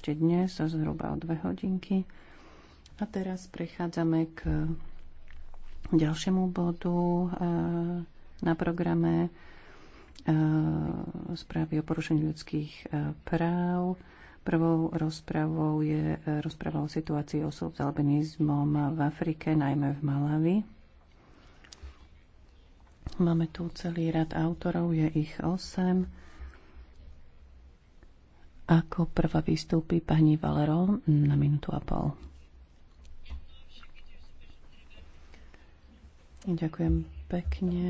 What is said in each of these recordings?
ešte dnes, zhruba o dve hodinky. A teraz prechádzame k ďalšiemu bodu e, na programe e, správy o porušení ľudských e, práv. Prvou rozpravou je rozpráva o situácii osôb s albinizmom v Afrike, najmä v Malavi. Máme tu celý rad autorov, je ich 8. Ako prvá vystúpi pani Valero na minútu a pol. Ďakujem pekne.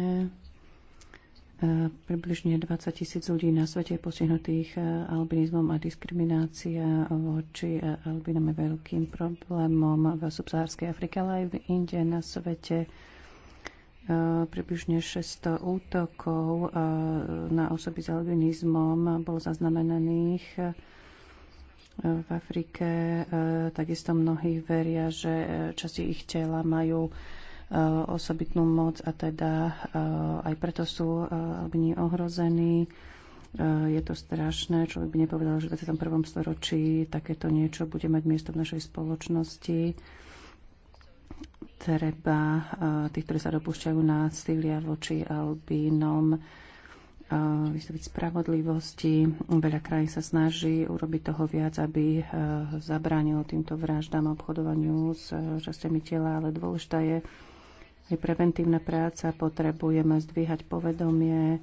E, približne 20 tisíc ľudí na svete je postihnutých e, albinizmom a diskriminácia voči e, albinom je veľkým problémom v subsahárskej Afrike, ale aj v Indie na svete. Eh, približne 600 útokov eh, na osoby s albinizmom bolo zaznamenaných eh, v Afrike. Takisto mnohí veria, že časti ich tela majú osobitnú moc a teda aj preto sú albini ohrození. Je to strašné, človek by nepovedal, že v 21. storočí takéto niečo bude mať miesto v našej spoločnosti treba eh, tých, ktorí sa dopúšťajú násilia voči albínom, eh, vystúpiť spravodlivosti. Veľa krajín sa snaží urobiť toho viac, aby eh, zabránilo týmto vraždám a obchodovaniu s časťami tela, ale dôležitá je aj preventívna práca. Potrebujeme zdvíhať povedomie,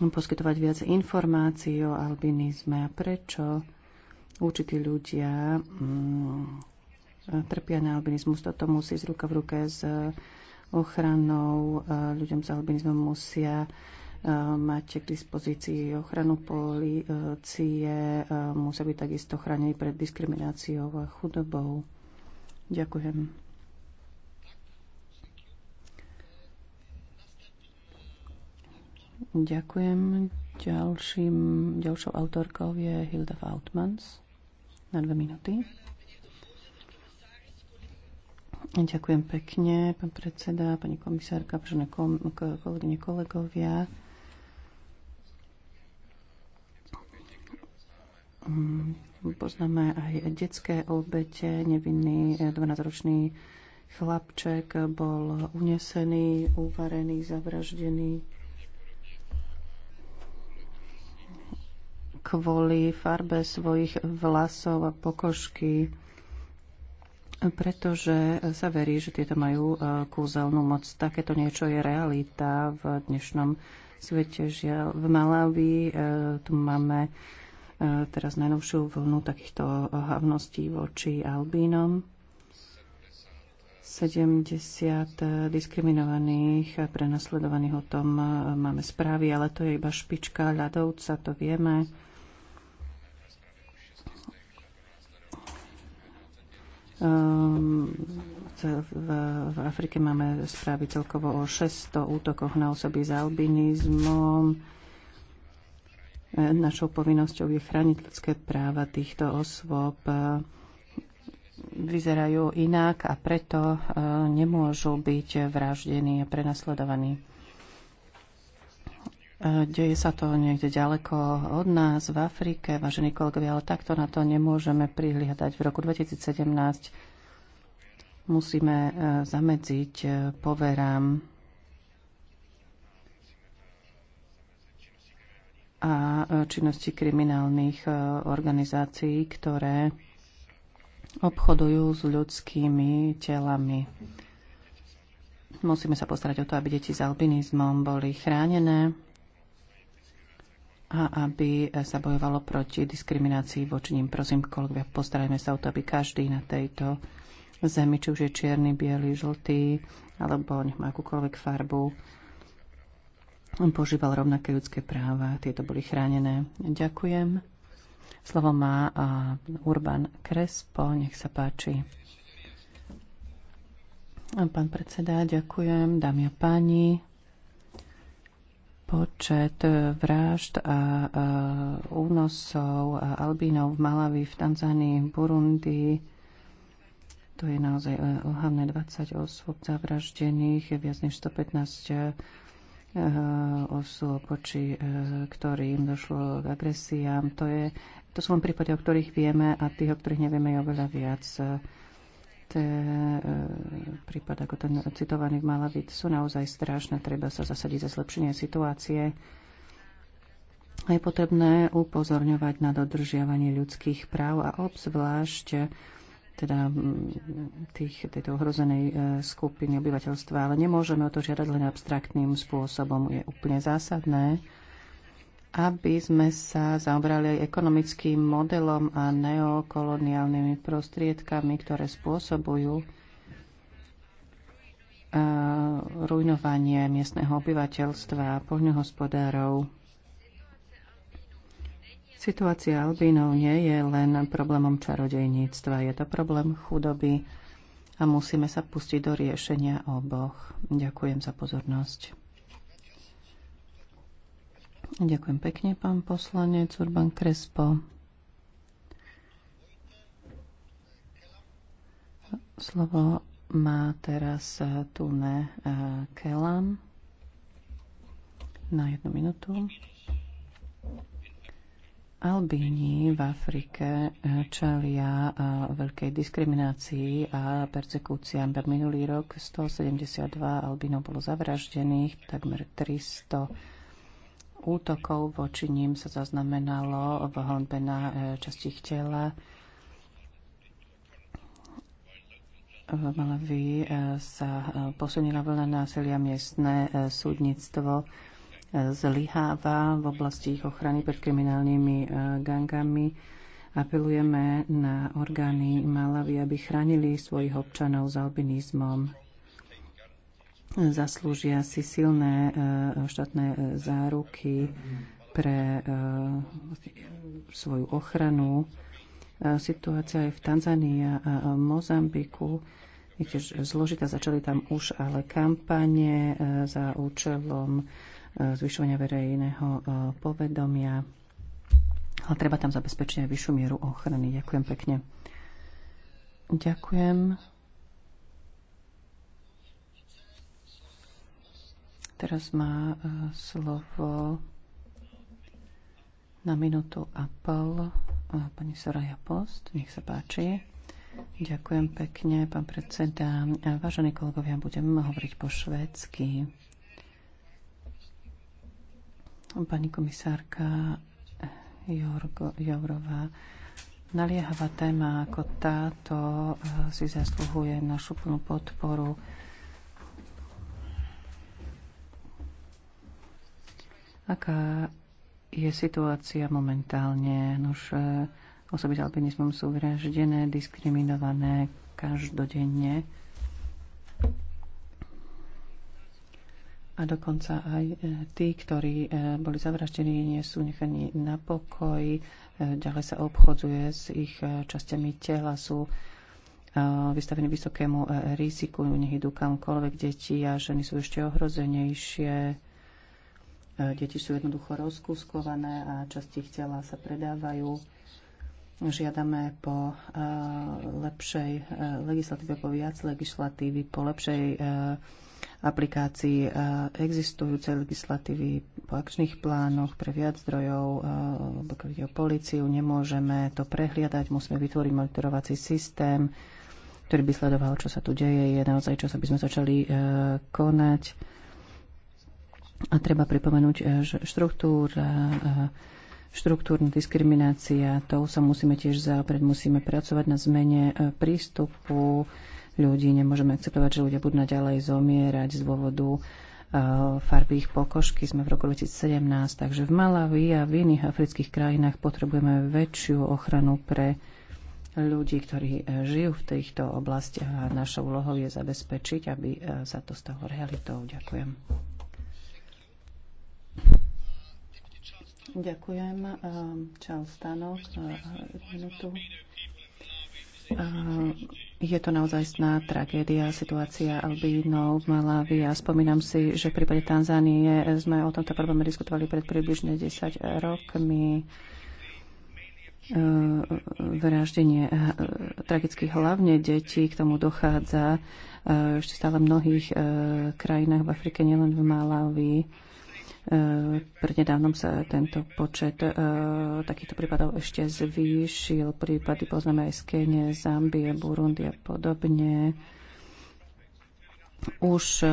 poskytovať viac informácií o albinizme a prečo určití ľudia mm, trpia na albinizmus. Toto musí z ruka v ruke s e, ochranou. E, ľuďom s albinizmom musia e, mať k dispozícii ochranu policie, musia byť takisto chránení pred diskrimináciou a chudobou. Ďakujem. Ďakujem. Ďalším, ďalšou autorkou je Hilda Fautmans na dve minúty. Ďakujem pekne, pán predseda, pani komisárka, pán kolegyne, kolegovia. Mm, poznáme aj detské obete. Nevinný 12-ročný eh, chlapček bol unesený, uvarený, zavraždený kvôli farbe svojich vlasov a pokožky pretože sa verí, že tieto majú e, kúzelnú moc. Takéto niečo je realita v dnešnom svete. Žiaľ, v Malawi e, tu máme e, teraz najnovšiu vlnu takýchto hlavností voči albínom. 70 diskriminovaných a prenasledovaných o tom máme správy, ale to je iba špička ľadovca, to vieme. Ehm, v, Afrike máme správy celkovo o 600 útokoch na osoby s albinizmom. Ehm, našou povinnosťou je chrániť ľudské práva týchto osôb. Vyzerajú inak a preto ehm, nemôžu byť vraždení a prenasledovaní. Deje sa to niekde ďaleko od nás, v Afrike, vážení kolegovia, ale takto na to nemôžeme prihliadať. V roku 2017 musíme e, zamedziť e, poverám a e, činnosti kriminálnych organizácií, ktoré obchodujú s ľudskými telami. Musíme sa postarať o to, aby deti s albinizmom boli chránené a aby sa bojovalo proti diskriminácii voči ním. Prosím, kolegovia, postarajme sa o to, aby každý na tejto zemi, či už je čierny, biely, žltý, alebo nech má akúkoľvek farbu, požíval rovnaké ľudské práva. Tieto boli chránené. Ďakujem. Slovo má Urban Krespo. Nech sa páči. Pán predseda, ďakujem. Dámy a páni, počet e, vražd a e, únosov a albínov v Malavi, v Tanzánii, v Burundi. To je naozaj e, hlavné 20 osôb zavraždených, viac než 115 osôb, voči ktorým došlo k agresiám. To, je, to sú len prípady, o ktorých vieme a tých, o ktorých nevieme, je oveľa viac. Te, prípad ako ten citovaný v Malavit sú naozaj strašné. Treba sa zasadiť za zlepšenie situácie. A je potrebné upozorňovať na dodržiavanie ľudských práv a obzvlášť e, teda tých, tejto ohrozenej e, skupiny obyvateľstva, ale nemôžeme o to žiadať len abstraktným spôsobom. Je úplne zásadné, aby sme sa zaobrali aj ekonomickým modelom a neokoloniálnymi prostriedkami, ktoré spôsobujú e, rujnovanie miestneho obyvateľstva a poľnohospodárov. Situácia albínov nie je len problémom čarodejníctva, je to problém chudoby a musíme sa pustiť do riešenia oboch. Ďakujem za pozornosť. Ďakujem pekne, pán poslanec Urban Krespo. Slovo má teraz eh, Tune eh, Kelam na jednu minútu. Albíni v Afrike eh, čelia veľkej diskriminácii a persekúciám. Minulý rok 172 albínov bolo zavraždených, takmer 300 útokov voči ním sa zaznamenalo v honbe na e, časti tela. V Malaví e, sa e, posunila vlna násilia miestne súdnictvo zlyháva v oblasti ich ochrany pred kriminálnymi gangami. Apelujeme na orgány Malavy, aby chránili svojich občanov s albinizmom zaslúžia si silné eh, štátne eh, záruky pre eh, svoju ochranu. Situácia je v Tanzánii a Mozambiku je tiež zložitá. Začali tam už ale kampanie za účelom zvyšovania verejného povedomia. Ale treba tam zabezpečiť aj vyššiu mieru ochrany. Ďakujem pekne. Ďakujem. Teraz má e, slovo na minútu a pol e, pani Soraya Post. Nech sa páči. Ďakujem pekne, pán predseda. E, vážení kolegovia, budem hovoriť po švédsky. Pani komisárka Jorgo, Jourová, naliehavá téma ako táto si zaslúhuje našu plnú podporu. Aká je situácia momentálne? Nož e, osoby s albinizmom sú vraždené, diskriminované každodenne. A dokonca aj e, tí, ktorí e, boli zavraždení, nie sú nechaní na pokoji. Ďalej sa obchodzuje s ich časťami tela, sú vystavení vysokému riziku, nech idú kamkoľvek deti a ženy sú ešte ohrozenejšie Deti sú jednoducho rozkúskované a časti ich tela sa predávajú. Žiadame po eh, lepšej eh, legislatíve, po viac legislatívy, po lepšej eh, aplikácii existujúcej legislatívy, po akčných plánoch pre viac zdrojov, pokiaľ ide o policiu, nemôžeme to prehliadať, musíme vytvoriť monitorovací systém, ktorý by sledoval, čo sa tu deje, je naozaj čas, aby sme začali konať a treba pripomenúť, eh, že štruktúra, eh, štruktúrna diskriminácia, tou sa musíme tiež zaoprieť, musíme pracovať na zmene eh, prístupu ľudí. Nemôžeme akceptovať, že ľudia budú naďalej zomierať z dôvodu farby ich pokožky. Sme v roku 2017, takže v Malawi a v iných afrických krajinách potrebujeme väčšiu ochranu pre ľudí, ktorí žijú v týchto oblastiach a našou úlohou je zabezpečiť, aby sa to stalo realitou. Ďakujem. Ďakujem. Čau, eh, Stanov, eh, eh, Je to naozaj sná tragédia, situácia albínov v Malávi a spomínam si, že v prípade Tanzánie sme o tomto probléme diskutovali pred približne 10 rokmi vraždenie tragických hlavne detí, k tomu dochádza ešte stále v mnohých krajinách v Afrike, nielen v Malavi. E, prednedávnom sa tento počet e, takýchto prípadov ešte zvýšil. Prípady poznáme aj z Kenie, Zambie, Burundi a podobne už e,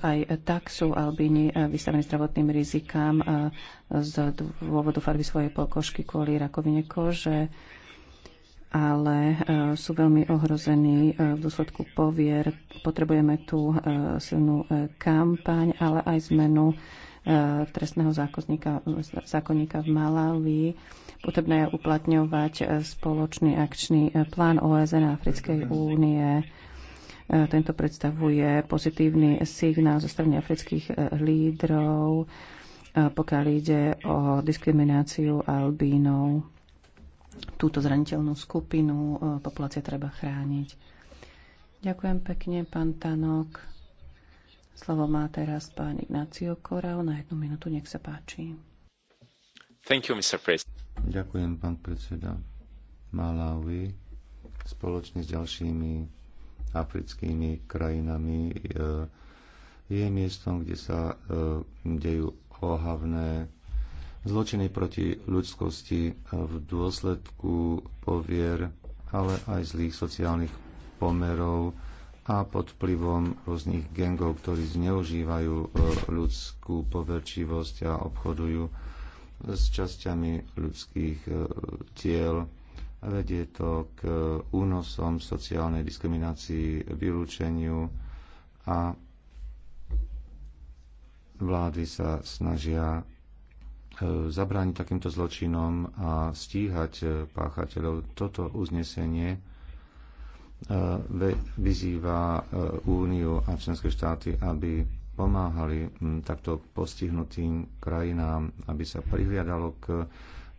aj tak sú albíni vystavení zdravotným rizikám z dôvodu farby svojej pokožky kvôli rakovine kože, ale sú veľmi ohrození v dôsledku povier. Potrebujeme tu silnú kampaň, ale aj zmenu E, trestného zákonníka v Malawi. Potrebné je uplatňovať e, spoločný akčný e, plán OSN a Africkej únie. Tento predstavuje pozitívny signál zo strany afrických lídrov, pokiaľ ide o diskrimináciu albínov. Túto zraniteľnú skupinu populácie treba chrániť. Ďakujem pekne, pán Tanok. Slovo má teraz pán Ignacio Korau na jednu minútu, nech sa páči. Thank you, Mr. President. Ďakujem, pán predseda. Malawi spoločne s ďalšími africkými krajinami e, je miestom, kde sa e, dejú ohavné zločiny proti ľudskosti e, v dôsledku povier, ale aj zlých sociálnych pomerov a pod vplyvom rôznych gengov, ktorí zneužívajú e, ľudskú poverčivosť a obchodujú s časťami ľudských e, tiel. Vedie to k e, únosom, sociálnej diskriminácii, vylúčeniu a vlády sa snažia zabrániť takýmto zločinom a stíhať páchateľov. Toto uznesenie Eh, vyzýva eh, Úniu a členské štáty, aby pomáhali hm, takto postihnutým krajinám, aby sa prihliadalo k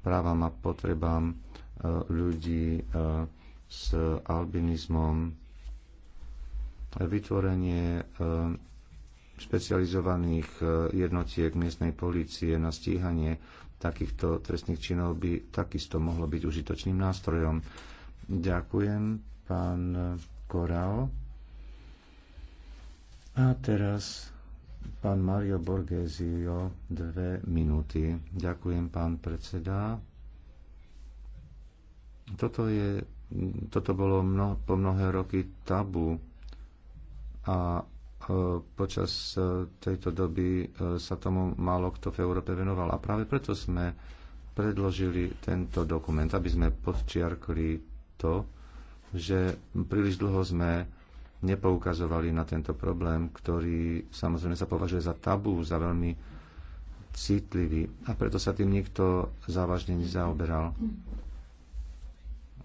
právam a potrebám eh, ľudí s albinizmom, vytvorenie špecializovaných jednotiek miestnej polície na stíhanie takýchto trestných činov by takisto mohlo byť užitočným nástrojom. Ďakujem pán Korao. A teraz pán Mario Borgesio, dve minúty. Ďakujem, pán predseda. Toto, je, toto bolo mno, po mnohé roky tabu a e, počas e, tejto doby e, sa tomu málo kto v Európe venoval. A práve preto sme predložili tento dokument, aby sme podčiarkli to, že príliš dlho sme nepoukazovali na tento problém, ktorý samozrejme sa považuje za tabú, za veľmi citlivý a preto sa tým nikto závažne nezaoberal.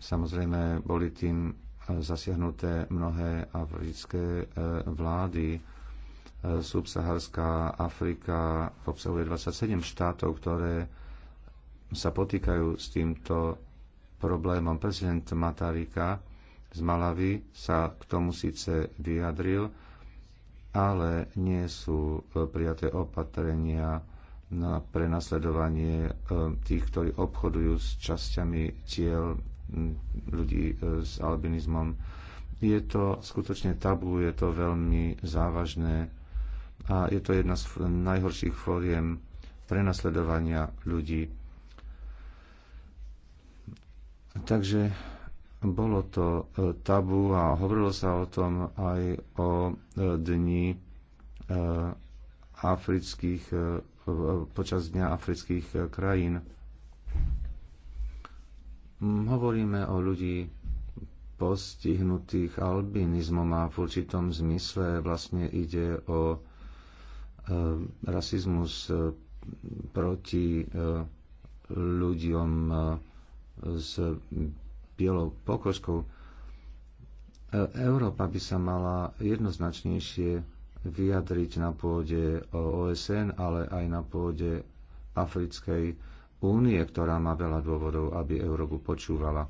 Samozrejme boli tým zasiahnuté mnohé africké e, vlády. E, subsaharská Afrika obsahuje 27 štátov, ktoré sa potýkajú s týmto problémom. Prezident Matarika z Malavy sa k tomu síce vyjadril, ale nie sú e, prijaté opatrenia na prenasledovanie e, tých, ktorí obchodujú s časťami tiel ľudí e, s albinizmom. Je to skutočne tabu, je to veľmi závažné a je to jedna z najhorších fóriem prenasledovania ľudí. Takže bolo to e, tabu a hovorilo sa o tom aj o e, dni e, afrických, počas dňa afrických krajín. Mm, hovoríme o ľudí postihnutých albinizmom a v určitom zmysle vlastne ide o rasizmus proti ľuďom s bielou pokožkou. E, Európa by sa mala jednoznačnejšie vyjadriť na pôde OSN, ale aj na pôde Africkej únie, ktorá má veľa dôvodov, aby Európu počúvala.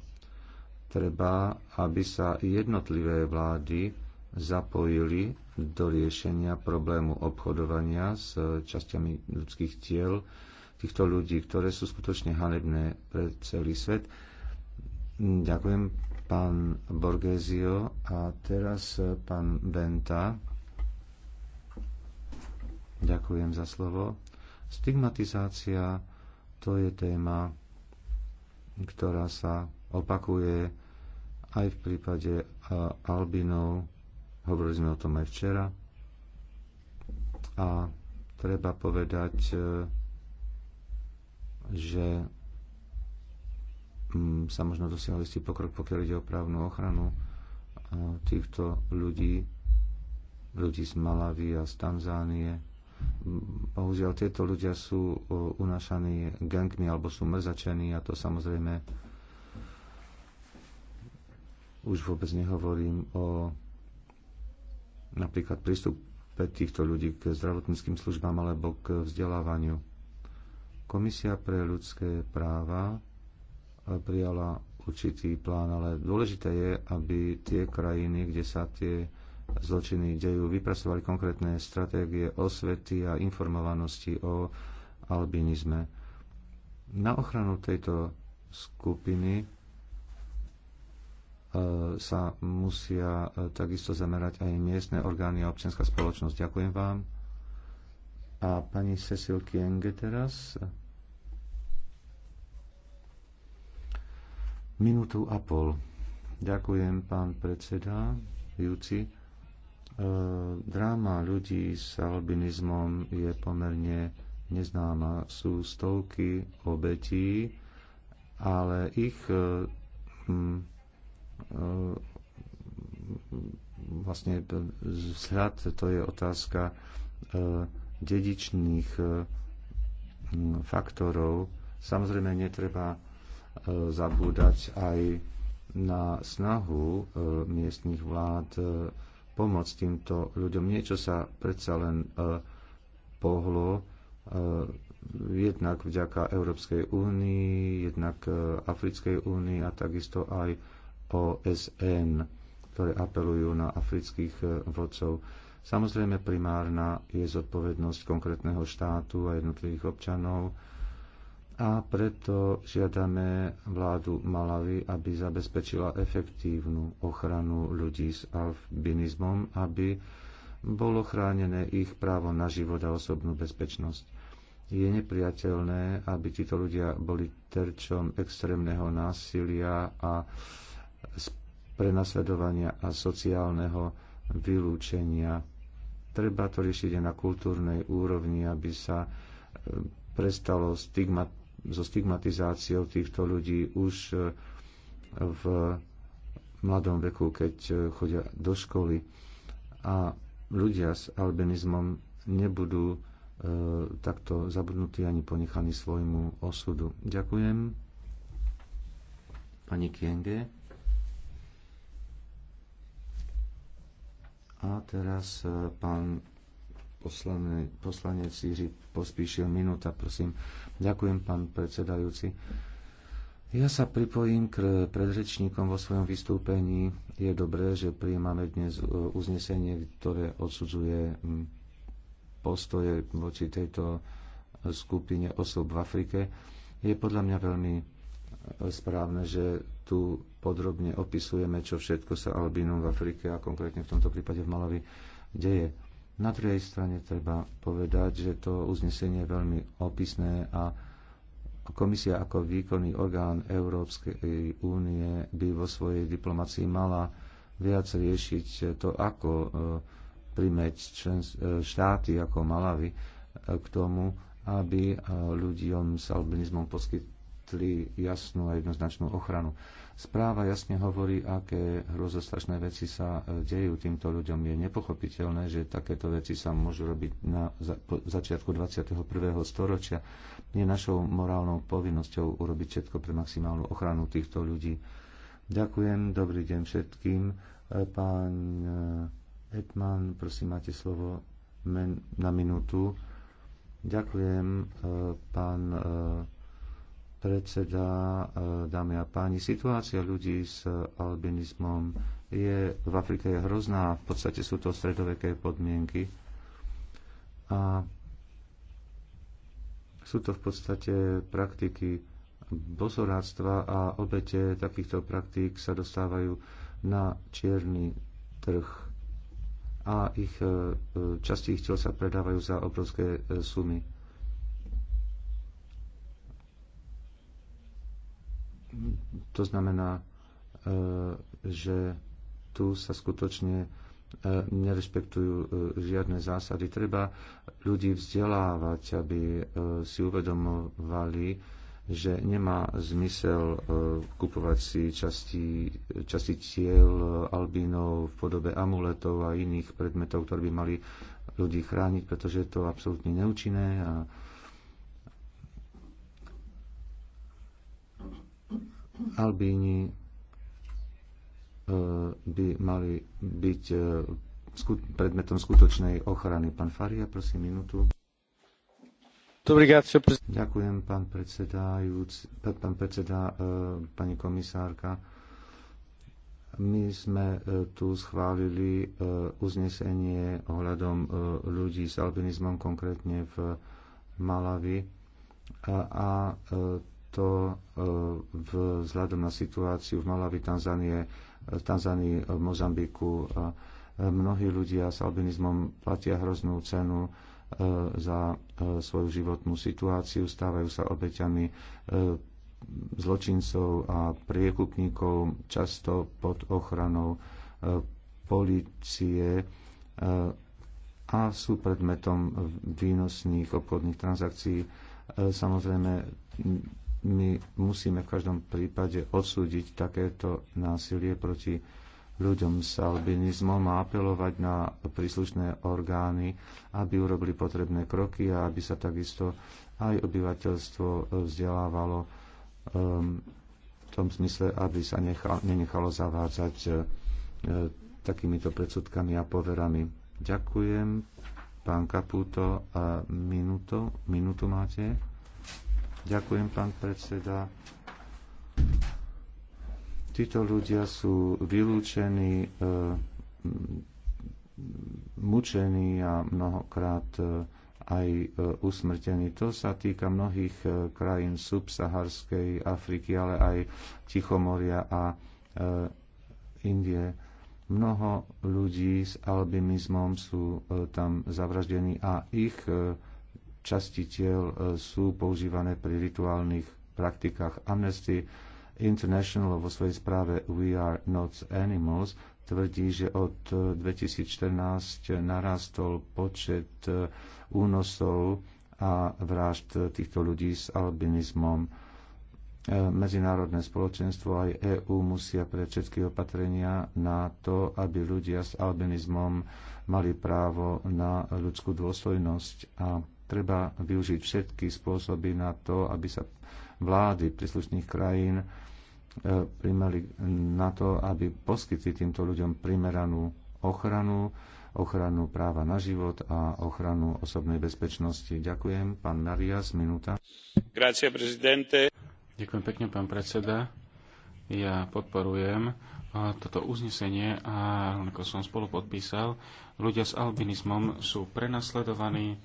Treba, aby sa jednotlivé vlády zapojili do riešenia problému obchodovania s časťami ľudských tiel týchto ľudí, ktoré sú skutočne hanebné pre celý svet Ďakujem, pán Borgesio. A teraz e, pán Benta. Ďakujem za slovo. Stigmatizácia to je téma, ktorá sa opakuje aj v prípade e, albinov. Hovorili sme o tom aj včera. A treba povedať, e, že Mm, sa možno dosiahli istý pokrok, pokiaľ ide o právnu ochranu týchto ľudí, ľudí z Malavy a z Tanzánie. Mm, bohužiaľ, tieto ľudia sú unášaní gangmi alebo sú mrzačení a to samozrejme už vôbec nehovorím o napríklad pre týchto ľudí k zdravotníckým službám alebo k vzdelávaniu. Komisia pre ľudské práva prijala určitý plán, ale dôležité je, aby tie krajiny, kde sa tie zločiny dejú, vypracovali konkrétne stratégie osvety a informovanosti o albinizme. Na ochranu tejto skupiny e, sa musia e, takisto zamerať aj miestne orgány a občianská spoločnosť. Ďakujem vám. A pani Cecil Kienge teraz. Minútu a pol. Ďakujem, pán predseda Júci. E, dráma ľudí s albinizmom je pomerne neznáma. Sú stovky obetí, ale ich e, e, vlastne vzhľad to je otázka e, dedičných e, faktorov. Samozrejme netreba E, zabúdať aj na snahu e, miestnych vlád e, pomôcť týmto ľuďom. Niečo sa predsa len pohlo jednak vďaka Európskej únii, jednak Africkej únii a takisto aj OSN, ktoré apelujú na afrických vodcov. Samozrejme primárna je zodpovednosť konkrétneho štátu a jednotlivých občanov, a preto žiadame vládu Malavy, aby zabezpečila efektívnu ochranu ľudí s albinizmom, aby bolo chránené ich právo na život a osobnú bezpečnosť. Je nepriateľné, aby títo ľudia boli terčom extrémneho násilia a prenasledovania a sociálneho vylúčenia. Treba to riešiť aj na kultúrnej úrovni, aby sa eh, prestalo stigmat so stigmatizáciou týchto ľudí už e, v mladom veku, keď e, chodia do školy. A ľudia s albinizmom nebudú e, takto zabudnutí ani ponechaní svojmu osudu. Ďakujem. Pani Kienge. A teraz e, pán poslane, poslanec Jiří Pospíšil. Minúta, prosím. Ďakujem, pán predsedajúci. Ja sa pripojím k predrečníkom vo svojom vystúpení. Je dobré, že prijímame dnes e, uznesenie, ktoré odsudzuje mm, postoje voči tejto skupine osob v Afrike. Je podľa mňa veľmi e, správne, že tu podrobne opisujeme, čo všetko sa albínom v Afrike a konkrétne v tomto prípade v Malavi deje. Na druhej strane treba povedať, že to uznesenie je veľmi opisné a komisia ako výkonný orgán Európskej únie by vo svojej diplomácii mala viac riešiť to, ako e, primeť e, štáty ako Malavy e, k tomu, aby ľuďom s albinizmom poskytli jasnú a jednoznačnú ochranu. Správa jasne hovorí, aké hrozostrašné veci sa e, dejú týmto ľuďom. Je nepochopiteľné, že takéto veci sa môžu robiť na začiatku 21. storočia. Je našou morálnou povinnosťou urobiť všetko pre maximálnu ochranu týchto ľudí. Ďakujem, dobrý deň všetkým. E, pán Edman, prosím, máte slovo na minútu. Ďakujem, e, pán predseda, e, dámy a páni, situácia ľudí s e, albinizmom je v Afrike je hrozná. V podstate sú to stredoveké podmienky. A sú to v podstate praktiky bosoráctva a obete takýchto praktík sa dostávajú na čierny trh a ich e, časti ich sa predávajú za obrovské sumy To znamená, e, že tu sa skutočne e, nerespektujú e, žiadne zásady. Treba ľudí vzdelávať, aby si uvedomovali, že nemá zmysel kupovať si časti, časti tiel albínov v podobe amuletov a iných predmetov, ktoré by mali ľudí chrániť, pretože je to absolútne neúčinné a Albíni e, by mali byť e, predmetom skutočnej ochrany. Pán Faria, prosím minútu. Ďakujem, pán predsedajúc, pán predseda, e, pani komisárka. My sme tu schválili uznesenie ohľadom ľudí s albinizmom, konkrétne v Malavi. A to eh, vzhľadom na situáciu v Malavi, Tanzanie, eh, Tanzánii, eh, Mozambiku. Mnohí ľudia s albinizmom platia hroznú cenu za svoju životnú situáciu, stávajú sa obeťami zločincov a priekupníkov, často pod ochranou policie a sú predmetom výnosných obchodných transakcií. Samozrejme, my musíme v každom prípade odsúdiť takéto násilie proti ľuďom s albinizmom a apelovať na príslušné orgány, aby urobili potrebné kroky a aby sa takisto aj obyvateľstvo vzdelávalo um, v tom smysle, aby sa nechal, nenechalo zavádzať uh, takýmito predsudkami a poverami. Ďakujem. Pán Kaputo, a minútu máte. Ďakujem, pán predseda. Títo ľudia sú vylúčení, e, mučení a mnohokrát e, aj e, usmrtení. To sa týka mnohých krajín subsaharskej Afriky, ale aj Tichomoria a Indie. Mnoho ľudí s albinizmom sú tam zavraždení a ich tiel e, sú používané pri rituálnych praktikách. Amnesty International vo svojej správe We Are Not Animals tvrdí, že od 2014 e, narastol počet e, únosov a vražd týchto ľudí s albinizmom. Medzinárodné spoločenstvo aj EÚ musia pre všetky opatrenia na to, aby ľudia s albinizmom mali právo na ľudskú dôstojnosť a treba využiť všetky spôsoby na to, aby sa vlády príslušných krajín e, primali na to, aby poskytli týmto ľuďom primeranú ochranu, ochranu práva na život a ochranu osobnej bezpečnosti. Ďakujem. Pán Marias, minúta. Grazie, prezidente. Ďakujem pekne, pán predseda. Ja podporujem e, toto uznesenie a ako som spolu podpísal, ľudia s albinizmom sú prenasledovaní,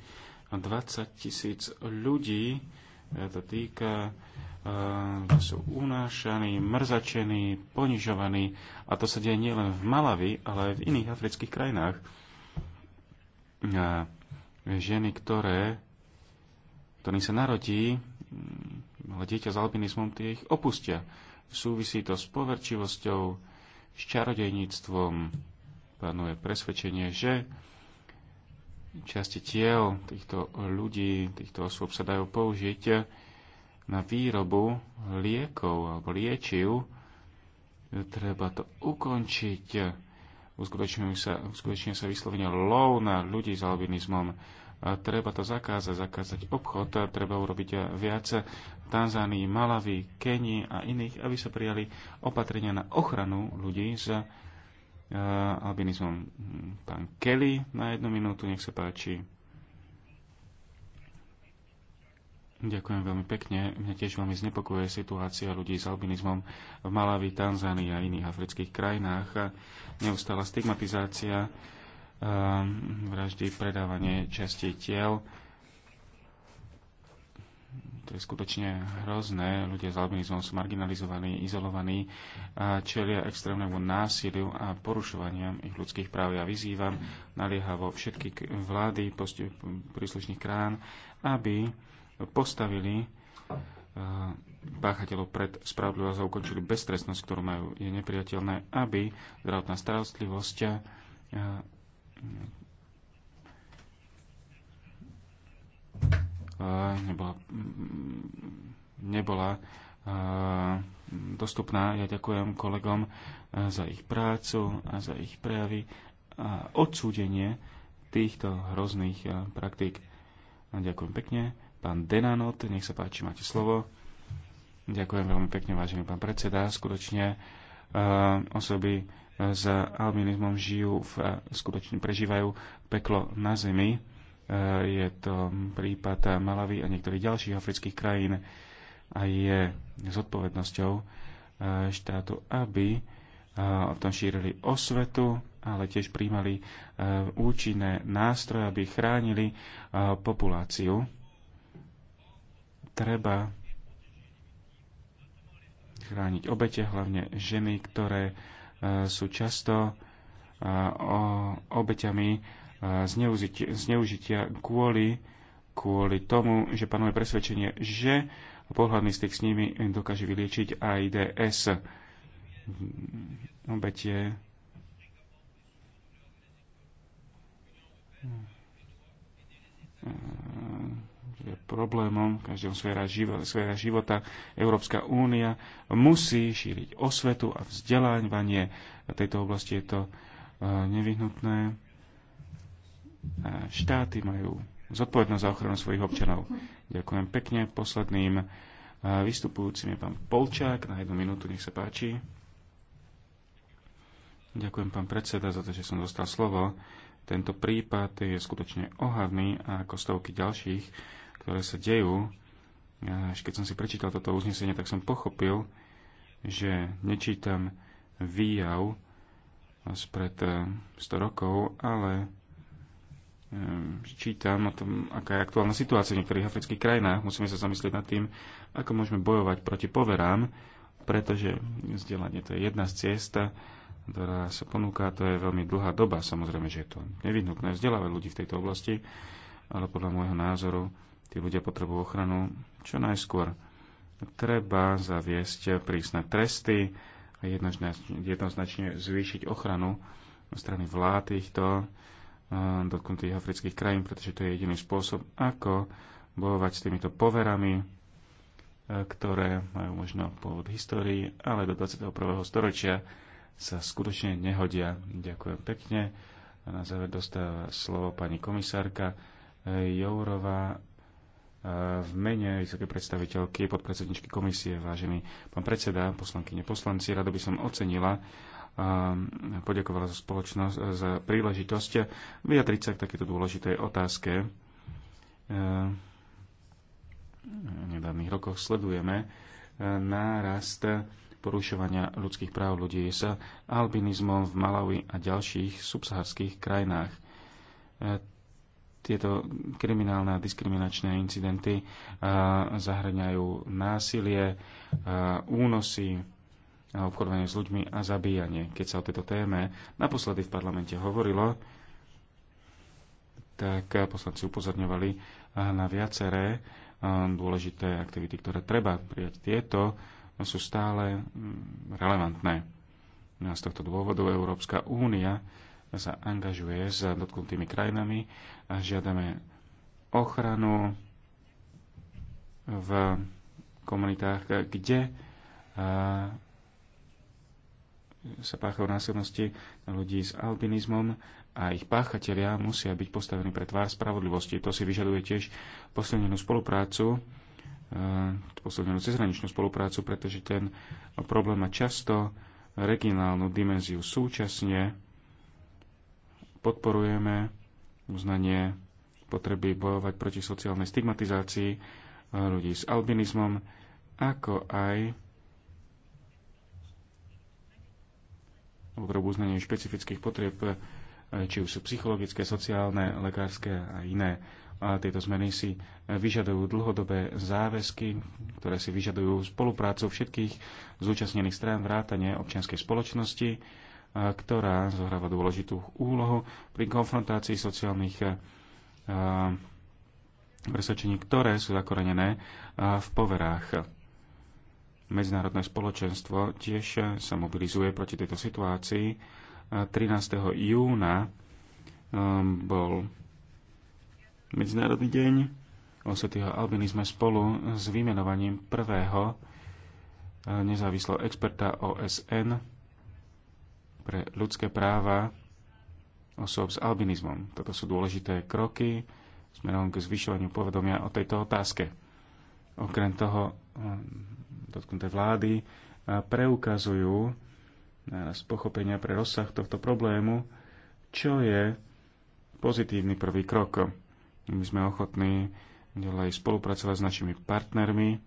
20 tisíc ľudí e, to týka, e, že sú unášaní, mrzačení, ponižovaní. A to sa deje nielen v Malavi, ale aj v iných afrických krajinách. A ženy, ktoré, ktorým sa narodí, mm, ale dieťa s albinizmom, tie ich opustia. Súvisí to s poverčivosťou, s čarodejníctvom. Panuje presvedčenie, že časti tiel týchto ľudí, týchto osôb sa dajú použiť na výrobu liekov alebo liečiv. Treba to ukončiť. Uskutočne sa, sa vyslovene lov na ľudí s albinizmom. A treba to zakázať, zakázať obchod, treba urobiť viac Tanzánii, Malavi, Kenii a iných, aby sa prijali opatrenia na ochranu ľudí s albinizmom. Hm, pán Kelly na jednu minútu, nech sa páči. Ďakujem veľmi pekne. Mňa tiež veľmi znepokojuje situácia ľudí s albinizmom v Malavi, Tanzánii a iných afrických krajinách. A neustála stigmatizácia, vraždy, predávanie častí tiel to je skutočne hrozné. Ľudia s albinizmom sú marginalizovaní, izolovaní, a čelia extrémnemu násiliu a porušovaniam ich ľudských práv. Ja vyzývam naliehavo všetky vlády príslušných krán, aby postavili e, páchateľov pred spravodlivosť a ukončili beztrestnosť, ktorú majú. Je nepriateľné, aby zdravotná starostlivosť e, Mm, nebola, nebola dostupná. Ja ďakujem kolegom e, za ich prácu a za ich prejavy a odsúdenie týchto hrozných e, praktík. A ďakujem pekne. Pán Denanot, nech sa páči, máte slovo. Ďakujem veľmi pekne, vážený pán predseda. Skutočne e, osoby s albinizmom žijú, v, skutočne prežívajú peklo na zemi Eh, je to prípad Malavy a niektorých ďalších afrických krajín a je zodpovednosťou eh, štátu, aby o eh, tom šírili osvetu, ale tiež príjmali účinné nástroje, aby chránili populáciu. Treba chrániť obete, hlavne ženy, ktoré sú často obeťami zneužitia, zneužitia kvôli, kvôli tomu, že panuje presvedčenie, že pohľadný styk s nimi dokáže vyliečiť AIDS. Obetie je problémom každého sféra, živo, sféra života. Európska únia musí šíriť osvetu a vzdelávanie. V tejto oblasti je to eh, nevyhnutné štáty majú zodpovednosť za ochranu svojich občanov. Ďakujem pekne. Posledným e, vystupujúcim je pán Polčák. Na jednu minútu, nech sa páči. Ďakujem, pán predseda, za to, že som dostal slovo. Tento prípad je skutočne ohavný a ako stovky ďalších, ktoré sa dejú. Až keď som si prečítal toto uznesenie, tak som pochopil, že nečítam výjav spred 100 e, rokov, ale Ehm, čítam o tom, aká je aktuálna situácia v niektorých afrických krajinách. Musíme sa zamyslieť nad tým, ako môžeme bojovať proti poverám, pretože vzdelanie to je jedna z ciest, ktorá sa ponúka, to je veľmi dlhá doba. Samozrejme, že je to nevyhnutné vzdelávať ľudí v tejto oblasti, ale podľa môjho názoru tí ľudia potrebujú ochranu čo najskôr. Treba zaviesť prísne tresty a jednoznačne, jednoznačne zvýšiť ochranu strany vlád týchto dotknutých afrických krajín, pretože to je jediný spôsob, ako bojovať s týmito poverami, e, ktoré majú možno pôvod histórii, ale do 21. storočia sa skutočne nehodia. Ďakujem pekne. A na záver dostáva slovo pani komisárka e, Jourová e, v mene vysokej predstaviteľky, podpredsedničky komisie, vážený pán predseda, poslankyne, poslanci. Rado by som ocenila poďakovala za spoločnosť, za príležitosť vyjadriť sa k takéto dôležitej otázke. E, v nedávnych rokoch sledujeme e, nárast porušovania ľudských práv ľudí s albinizmom v Malawi a ďalších subsaharských krajinách. E, tieto kriminálne a diskriminačné incidenty zahraňajú násilie, únosy, a obchodovanie s ľuďmi a zabíjanie. Keď sa o tejto téme naposledy v parlamente hovorilo, tak poslanci upozorňovali na viaceré um, dôležité aktivity, ktoré treba prijať. Tieto sú stále mm, relevantné. No a z tohto dôvodu Európska únia sa angažuje s dotknutými krajinami a žiadame ochranu v komunitách, kde sa páchajú násilnosti ľudí s albinizmom a ich páchatelia musia byť postavení pre tvár spravodlivosti. To si vyžaduje tiež posilnenú spoluprácu, e, posilnenú cezhraničnú spoluprácu, pretože ten problém má často regionálnu dimenziu. Súčasne podporujeme uznanie potreby bojovať proti sociálnej stigmatizácii e, ľudí s albinizmom, ako aj alebo ktoré uznanie špecifických potrieb, e, či už sú psychologické, sociálne, lekárske a iné. A tieto zmeny si e, vyžadujú dlhodobé záväzky, ktoré si vyžadujú spoluprácu všetkých zúčastnených strán vrátane občianskej spoločnosti, e, ktorá zohráva dôležitú úlohu pri konfrontácii sociálnych presvedčení, ktoré sú zakorenené v poverách Medzinárodné spoločenstvo tiež sa mobilizuje proti tejto situácii. 13. júna um, bol Medzinárodný deň osvetého albinizme spolu s vymenovaním prvého nezávislého experta OSN pre ľudské práva osob s albinizmom. Toto sú dôležité kroky smerom k zvyšovaniu povedomia o tejto otázke. Okrem toho um, dotknuté vlády preukazujú z pochopenia pre rozsah tohto problému, čo je pozitívny prvý krok. My sme ochotní ďalej spolupracovať s našimi partnermi.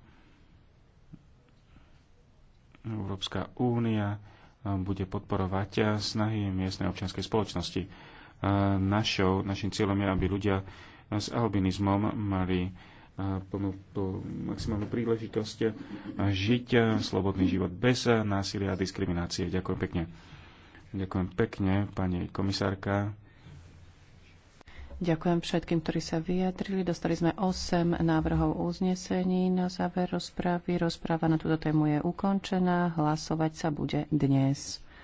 Európska únia bude podporovať snahy miestnej občianskej spoločnosti. Našou, našim cieľom je, aby ľudia s albinizmom mali plnú, plnú maximálnu príležitosť e, žiť e, slobodný život bez e, násilia a diskriminácie. Ďakujem pekne. Ďakujem pekne, pani komisárka. Ďakujem všetkým, ktorí sa vyjadrili. Dostali sme 8 návrhov uznesení na záver rozpravy. Rozpráva na túto tému je ukončená. Hlasovať sa bude dnes.